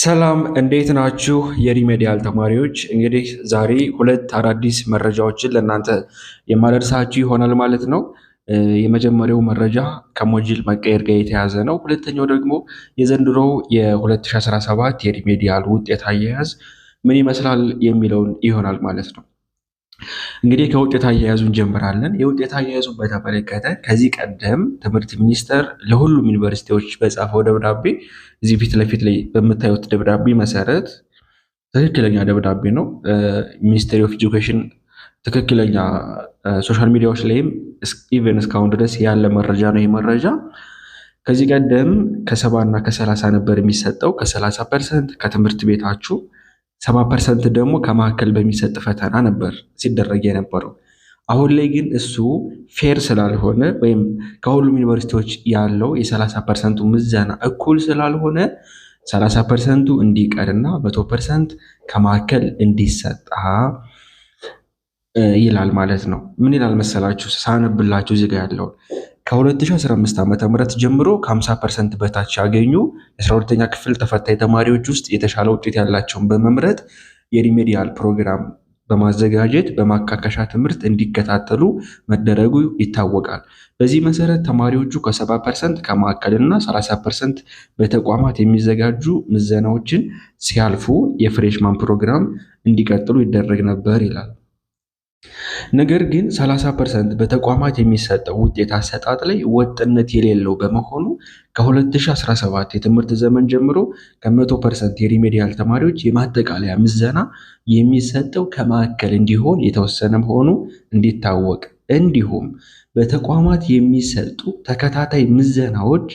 ሰላም እንዴት ናችሁ? የሪሜዲያል ተማሪዎች እንግዲህ ዛሬ ሁለት አዳዲስ መረጃዎችን ለእናንተ የማደርሳችሁ ይሆናል ማለት ነው። የመጀመሪያው መረጃ ከሞጅል መቀየር ጋር የተያዘ ነው። ሁለተኛው ደግሞ የዘንድሮው የ2017 የሪሜዲያል ውጤት አያያዝ ምን ይመስላል የሚለውን ይሆናል ማለት ነው። እንግዲህ ከውጤት አያያዙ እንጀምራለን። የውጤት አያያዙን በተመለከተ ከዚህ ቀደም ትምህርት ሚኒስቴር ለሁሉም ዩኒቨርሲቲዎች በጻፈው ደብዳቤ እዚህ ፊት ለፊት ላይ በምታዩት ደብዳቤ መሰረት ትክክለኛ ደብዳቤ ነው። ሚኒስቴሪ ኦፍ ኤጁኬሽን ትክክለኛ ሶሻል ሚዲያዎች ላይም ኢቨን እስካሁን ድረስ ያለ መረጃ ነው። ይህ መረጃ ከዚህ ቀደም ከሰባ እና ከሰላሳ ነበር የሚሰጠው ከሰላሳ ፐርሰንት ከትምህርት ቤታችሁ ሰባ ፐርሰንት ደግሞ ከማዕከል በሚሰጥ ፈተና ነበር ሲደረግ የነበረው። አሁን ላይ ግን እሱ ፌር ስላልሆነ ወይም ከሁሉም ዩኒቨርሲቲዎች ያለው የ30 ፐርሰንቱ ምዘና እኩል ስላልሆነ 30 ፐርሰንቱ እንዲቀርና መቶ ፐርሰንት ከማዕከል እንዲሰጣ ይላል ማለት ነው። ምን ይላል መሰላችሁ? ሳነብላችሁ ዜጋ ያለውን ከ2015 ዓ ም ጀምሮ ከ50 ፐርሰንት በታች ያገኙ የ12ኛ ክፍል ተፈታኝ ተማሪዎች ውስጥ የተሻለ ውጤት ያላቸውን በመምረጥ የሪሜዲያል ፕሮግራም በማዘጋጀት በማካካሻ ትምህርት እንዲከታተሉ መደረጉ ይታወቃል። በዚህ መሰረት ተማሪዎቹ ከ70 ፐርሰንት ከማዕከልና 30 ፐርሰንት በተቋማት የሚዘጋጁ ምዘናዎችን ሲያልፉ የፍሬሽማን ፕሮግራም እንዲቀጥሉ ይደረግ ነበር ይላል። ነገር ግን 30% በተቋማት የሚሰጠው ውጤት አሰጣጥ ላይ ወጥነት የሌለው በመሆኑ ከ2017 የትምህርት ዘመን ጀምሮ ከ100% የሪሜዲያል ተማሪዎች የማጠቃለያ ምዘና የሚሰጠው ከማዕከል እንዲሆን የተወሰነ መሆኑ እንዲታወቅ፣ እንዲሁም በተቋማት የሚሰጡ ተከታታይ ምዘናዎች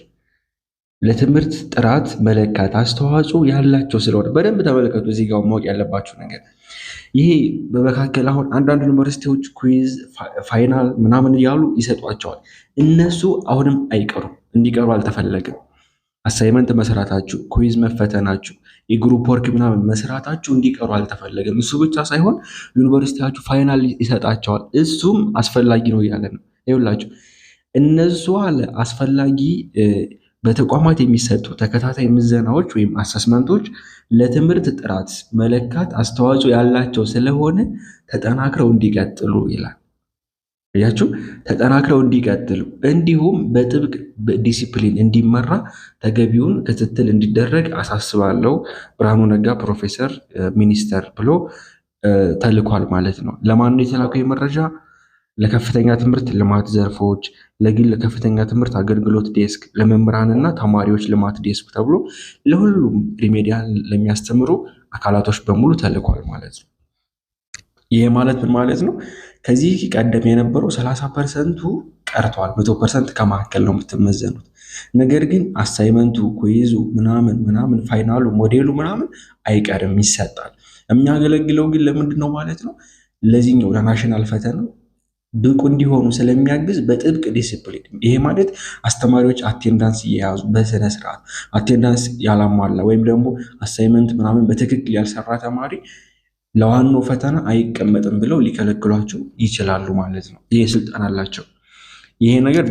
ለትምህርት ጥራት መለካት አስተዋጽኦ ያላቸው ስለሆነ በደንብ ተመልከቱ። እዚህ ጋር ማወቅ ያለባችሁ ነገር ይሄ በመካከል አሁን አንዳንድ ዩኒቨርሲቲዎች ኩዊዝ ፋይናል ምናምን እያሉ ይሰጧቸዋል። እነሱ አሁንም አይቀሩም፣ እንዲቀሩ አልተፈለግም። አሳይመንት መስራታችሁ፣ ኩዊዝ መፈተናችሁ፣ የግሩፕ ወርክ ምናምን መስራታችሁ እንዲቀሩ አልተፈለግም። እሱ ብቻ ሳይሆን ዩኒቨርሲቲያችሁ ፋይናል ይሰጣቸዋል። እሱም አስፈላጊ ነው እያለ ነው። ይኸውላችሁ እነሱ አለ አስፈላጊ በተቋማት የሚሰጡ ተከታታይ ምዘናዎች ወይም አሳስመንቶች ለትምህርት ጥራት መለካት አስተዋጽኦ ያላቸው ስለሆነ ተጠናክረው እንዲቀጥሉ ይላል። ያችሁ ተጠናክረው እንዲቀጥሉ እንዲሁም በጥብቅ ዲሲፕሊን እንዲመራ ተገቢውን ክትትል እንዲደረግ አሳስባለሁ። ብርሃኑ ነጋ ፕሮፌሰር ሚኒስተር ብሎ ተልኳል ማለት ነው። ለማን ነው የተላከው መረጃ? ለከፍተኛ ትምህርት ልማት ዘርፎች፣ ለግል ለከፍተኛ ትምህርት አገልግሎት ዴስክ፣ ለመምህራንና ተማሪዎች ልማት ዴስክ ተብሎ ለሁሉም ሪሜዲያን ለሚያስተምሩ አካላቶች በሙሉ ተልኳል ማለት ነው። ይሄ ማለት ምን ማለት ነው? ከዚህ ቀደም የነበረው 30 ፐርሰንቱ ቀርቷል። መቶ ፐርሰንት ከማካከል ነው የምትመዘኑት። ነገር ግን አሳይመንቱ፣ ኩይዙ ምናምን ምናምን ፋይናሉ፣ ሞዴሉ ምናምን አይቀርም ይሰጣል። የሚያገለግለው ግን ለምንድን ነው ማለት ነው ለዚህኛው ለናሽናል ፈተናው ብቁ እንዲሆኑ ስለሚያግዝ በጥብቅ ዲስፕሊን። ይሄ ማለት አስተማሪዎች አቴንዳንስ እየያዙ በስነ ስርዓት አቴንዳንስ ያላሟላ ወይም ደግሞ አሳይመንት ምናምን በትክክል ያልሰራ ተማሪ ለዋናው ፈተና አይቀመጥም ብለው ሊከለክሏቸው ይችላሉ ማለት ነው። ይሄ ስልጣን አላቸው። ይሄ ነገር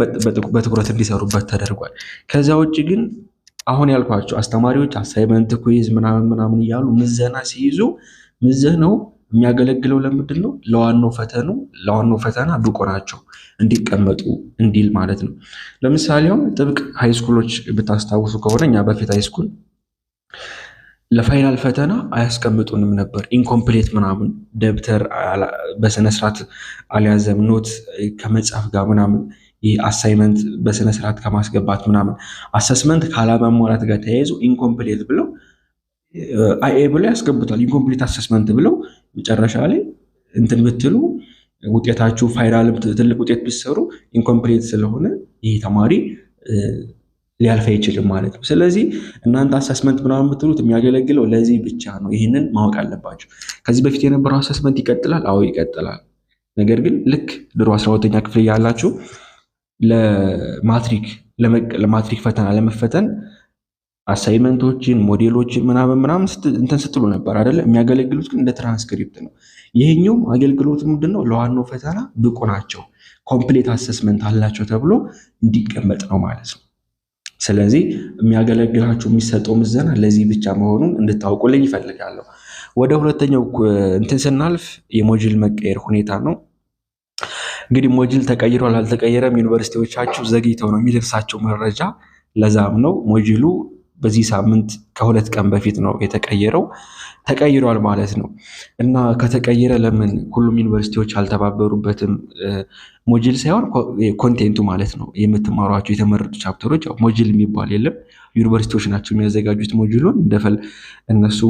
በትኩረት እንዲሰሩበት ተደርጓል። ከዛ ውጭ ግን አሁን ያልኳቸው አስተማሪዎች አሳይመንት ኩይዝ ምናምን ምናምን እያሉ ምዘና ሲይዙ ምዘናው የሚያገለግለው ለምንድን ነው? ለዋናው ፈተኑ ለዋናው ፈተና ብቁ ናቸው እንዲቀመጡ እንዲል ማለት ነው። ለምሳሌ አሁን ጥብቅ ሃይስኩሎች ብታስታውሱ ከሆነ እኛ በፊት ሃይስኩል ለፋይናል ፈተና አያስቀምጡንም ነበር። ኢንኮምፕሌት ምናምን ደብተር በስነስርዓት አልያዘም፣ ኖት ከመጻፍ ጋር ምናምን ይህ አሳይመንት በስነስርዓት ከማስገባት ምናምን አሰስመንት ካላመሟላት ጋር ተያይዞ ኢንኮምፕሌት ብለው አይኤ ብሎ ያስገቡታል። ኢንኮምፕሊት አሰስመንት ብለው መጨረሻ ላይ እንትን ብትሉ ውጤታችሁ ፋይናልም ትልቅ ውጤት ብትሰሩ ኢንኮምፕሊት ስለሆነ ይህ ተማሪ ሊያልፍ አይችልም ማለት ነው። ስለዚህ እናንተ አሰስመንት ምናምን የምትሉት የሚያገለግለው ለዚህ ብቻ ነው። ይህንን ማወቅ አለባችሁ። ከዚህ በፊት የነበረው አሰስመንት ይቀጥላል። አዎ ይቀጥላል። ነገር ግን ልክ ድሮ አስራ ሁለተኛ ክፍል ያላችሁ ለማትሪክ ለማትሪክ ፈተና ለመፈተን አሳይመንቶችን ሞዴሎችን ምናምን ምናምን እንትን ስትሉ ነበር አደለ? የሚያገለግሉት ግን እንደ ትራንስክሪፕት ነው። ይሄኛውም አገልግሎት ምንድን ነው? ለዋናው ፈተና ብቁ ናቸው፣ ኮምፕሌት አሰስመንት አላቸው ተብሎ እንዲቀመጥ ነው ማለት ነው። ስለዚህ የሚያገለግላቸው የሚሰጠው ምዘና ለዚህ ብቻ መሆኑን እንድታውቁልኝ ይፈልጋለሁ። ወደ ሁለተኛው እንትን ስናልፍ የሞጅል መቀየር ሁኔታ ነው። እንግዲህ ሞጅል ተቀይሯል አልተቀየረም፣ ዩኒቨርሲቲዎቻችሁ ዘግይተው ነው የሚደርሳቸው መረጃ። ለዛም ነው ሞጅሉ በዚህ ሳምንት ከሁለት ቀን በፊት ነው የተቀየረው። ተቀይሯል ማለት ነው እና ከተቀየረ ለምን ሁሉም ዩኒቨርሲቲዎች አልተባበሩበትም? ሞጅል ሳይሆን ኮንቴንቱ ማለት ነው። የምትማሯቸው የተመረጡ ቻፕተሮች ሞጅል የሚባል የለም። ዩኒቨርሲቲዎች ናቸው የሚያዘጋጁት ሞጅሉን እንደፈል እነሱ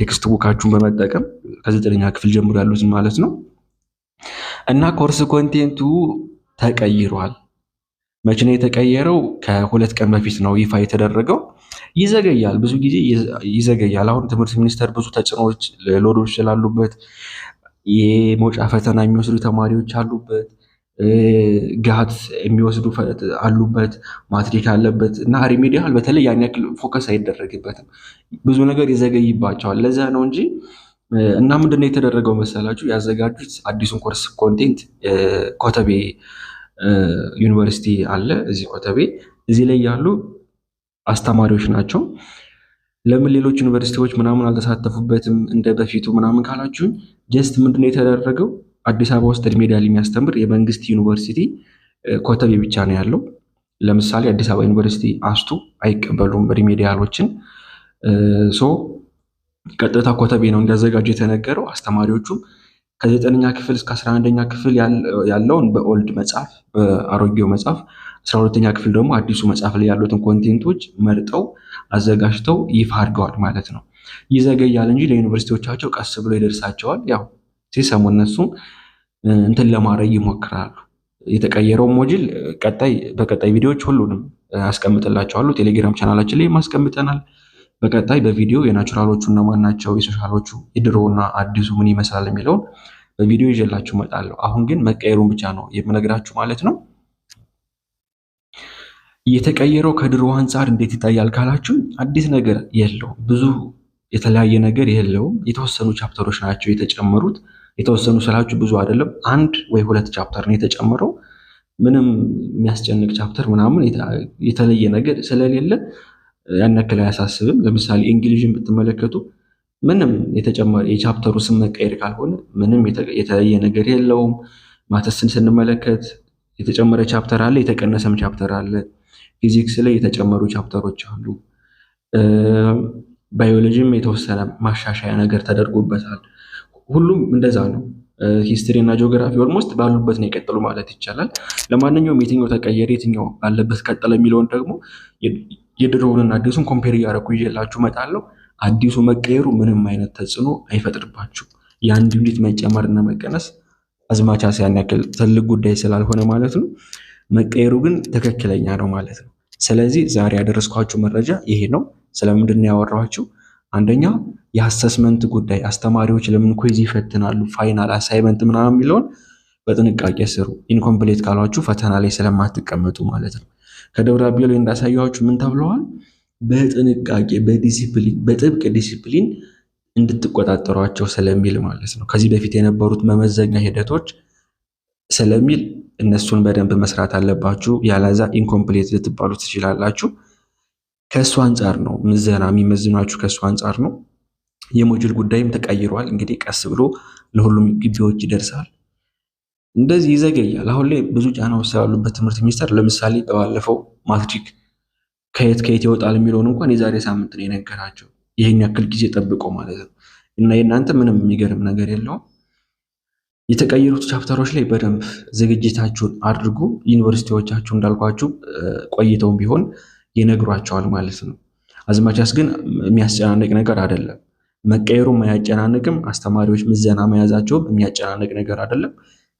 ቴክስት ቡካችሁን በመጠቀም ከዘጠነኛ ክፍል ጀምሮ ያሉትን ማለት ነው እና ኮርስ ኮንቴንቱ ተቀይሯል። መቼ ነው የተቀየረው? ከሁለት ቀን በፊት ነው ይፋ የተደረገው። ይዘገያል፣ ብዙ ጊዜ ይዘገያል። አሁን ትምህርት ሚኒስቴር ብዙ ተጽዕኖዎች ሎዶች ስላሉበት የመውጫ ፈተና የሚወስዱ ተማሪዎች አሉበት፣ ጋት የሚወስዱ አሉበት፣ ማትሪክ አለበት እና ሪሜዲያል በተለይ ያን ያክል ፎከስ አይደረግበትም። ብዙ ነገር ይዘገይባቸዋል። ለዛ ነው እንጂ እና ምንድነው የተደረገው መሰላችሁ ያዘጋጁት አዲሱን ኮርስ ኮንቴንት ኮተቤ ዩኒቨርሲቲ አለ እዚህ ኮተቤ እዚህ ላይ ያሉ አስተማሪዎች ናቸው። ለምን ሌሎች ዩኒቨርሲቲዎች ምናምን አልተሳተፉበትም እንደ በፊቱ ምናምን ካላችሁኝ ጀስት ምንድነው የተደረገው? አዲስ አበባ ውስጥ እድሜ ዳል የሚያስተምር የመንግስት ዩኒቨርሲቲ ኮተቤ ብቻ ነው ያለው። ለምሳሌ አዲስ አበባ ዩኒቨርሲቲ አስቱ አይቀበሉም ሪሜዲያሎችን። ሶ ቀጥታ ኮተቤ ነው እንዲያዘጋጁ የተነገረው አስተማሪዎቹም ከዘጠነኛ ክፍል እስከ አስራ አንደኛ ክፍል ያለውን በኦልድ መጽሐፍ በአሮጌው መጽሐፍ አስራ ሁለተኛ ክፍል ደግሞ አዲሱ መጽሐፍ ላይ ያሉትን ኮንቴንቶች መርጠው አዘጋጅተው ይፋ አድርገዋል ማለት ነው። ይዘገያል እንጂ ለዩኒቨርሲቲዎቻቸው ቀስ ብሎ ይደርሳቸዋል። ያው ሲሰሙ እነሱ እንትን ለማድረግ ይሞክራሉ። የተቀየረው ሞጅል ቀጣይ በቀጣይ ቪዲዮዎች ሁሉንም አስቀምጥላቸዋሉ። ቴሌግራም ቻናላችን ላይ ማስቀምጠናል። በቀጣይ በቪዲዮ የናቹራሎቹ እና ናቸው የሶሻሎቹ የድሮና አዲሱ ምን ይመስላል የሚለውን በቪዲዮ ይዤላችሁ እመጣለሁ። አሁን ግን መቀየሩን ብቻ ነው የምነግራችሁ ማለት ነው። የተቀየረው ከድሮ አንጻር እንዴት ይታያል ካላችሁ አዲስ ነገር የለውም። ብዙ የተለያየ ነገር የለውም። የተወሰኑ ቻፕተሮች ናቸው የተጨመሩት። የተወሰኑ ስላችሁ ብዙ አይደለም፣ አንድ ወይ ሁለት ቻፕተር ነው የተጨመረው። ምንም የሚያስጨንቅ ቻፕተር ምናምን የተለየ ነገር ስለሌለ ያን ያክል አያሳስብም። ለምሳሌ እንግሊዥን ብትመለከቱ ምንም የተጨማሪ የቻፕተሩ ስም መቀየር ካልሆነ ምንም የተለየ ነገር የለውም። ማተስን ስንመለከት የተጨመረ ቻፕተር አለ፣ የተቀነሰም ቻፕተር አለ። ፊዚክስ ላይ የተጨመሩ ቻፕተሮች አሉ። ባዮሎጂም የተወሰነ ማሻሻያ ነገር ተደርጎበታል። ሁሉም እንደዛ ነው። ሂስትሪ እና ጂኦግራፊ ኦልሞስት ባሉበት ነው የቀጠሉ ማለት ይቻላል። ለማንኛውም የትኛው ተቀየረ የትኛው ባለበት ቀጠለ የሚለውን ደግሞ የድሮውንና አዲሱን ኮምፔር እያደረኩ ይዤላችሁ እመጣለሁ። አዲሱ መቀየሩ ምንም አይነት ተጽዕኖ አይፈጥርባችሁ። የአንድ ዩኒት መጨመርና መቀነስ አዝማቻ ሲያን ያክል ትልቅ ጉዳይ ስላልሆነ ማለት ነው። መቀየሩ ግን ትክክለኛ ነው ማለት ነው። ስለዚህ ዛሬ ያደረስኳችሁ መረጃ ይሄ ነው። ስለምንድን ነው ያወራኋችሁ? አንደኛ የአሰስመንት ጉዳይ አስተማሪዎች ለምን ኩይዝ ይፈትናሉ፣ ፋይናል አሳይመንት ምናምን የሚለውን በጥንቃቄ ስሩ። ኢንኮምፕሌት ካሏችሁ ፈተና ላይ ስለማትቀመጡ ማለት ነው። ከደብዳቤ ላይ እንዳሳያችሁ ምን ተብለዋል? በጥንቃቄ በዲሲፕሊን በጥብቅ ዲሲፕሊን እንድትቆጣጠሯቸው ስለሚል ማለት ነው። ከዚህ በፊት የነበሩት መመዘኛ ሂደቶች ስለሚል እነሱን በደንብ መስራት አለባችሁ። ያላዛ ኢንኮምፕሌት ልትባሉ ትችላላችሁ። ከእሱ አንጻር ነው ምዘና የሚመዝናችሁ፣ ከእሱ አንጻር ነው። የሞጁል ጉዳይም ተቀይሯል። እንግዲህ ቀስ ብሎ ለሁሉም ግቢዎች ይደርሳል። እንደዚህ ይዘገያል። አሁን ላይ ብዙ ጫናዎች ስላሉበት ትምህርት ሚኒስቴር ለምሳሌ በባለፈው ማትሪክ ከየት ከየት ይወጣል የሚለውን እንኳን የዛሬ ሳምንት ነው የነገራቸው። ይህን ያክል ጊዜ ጠብቆ ማለት ነው። እና የእናንተ ምንም የሚገርም ነገር የለውም። የተቀየሩት ቻፕተሮች ላይ በደንብ ዝግጅታችሁን አድርጉ። ዩኒቨርሲቲዎቻችሁ እንዳልኳችሁ ቆይተውም ቢሆን ይነግሯቸዋል ማለት ነው። አዝማቻስ ግን የሚያስጨናንቅ ነገር አይደለም። መቀየሩም አያጨናንቅም። አስተማሪዎች ምዘና መያዛቸውም የሚያጨናንቅ ነገር አይደለም።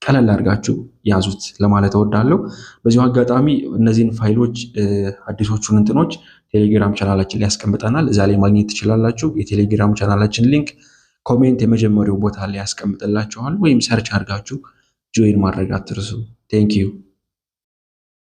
ቀለል አድርጋችሁ ያዙት ለማለት እወዳለሁ። በዚሁ አጋጣሚ እነዚህን ፋይሎች አዲሶቹን እንትኖች ቴሌግራም ቻናላችን ላይ ያስቀምጠናል። እዛ ላይ ማግኘት ትችላላችሁ። የቴሌግራም ቻናላችን ሊንክ ኮሜንት የመጀመሪያው ቦታ ላይ ያስቀምጥላችኋል፣ ወይም ሰርች አድርጋችሁ ጆይን ማድረግ አትርሱ። ቴንክ ዩ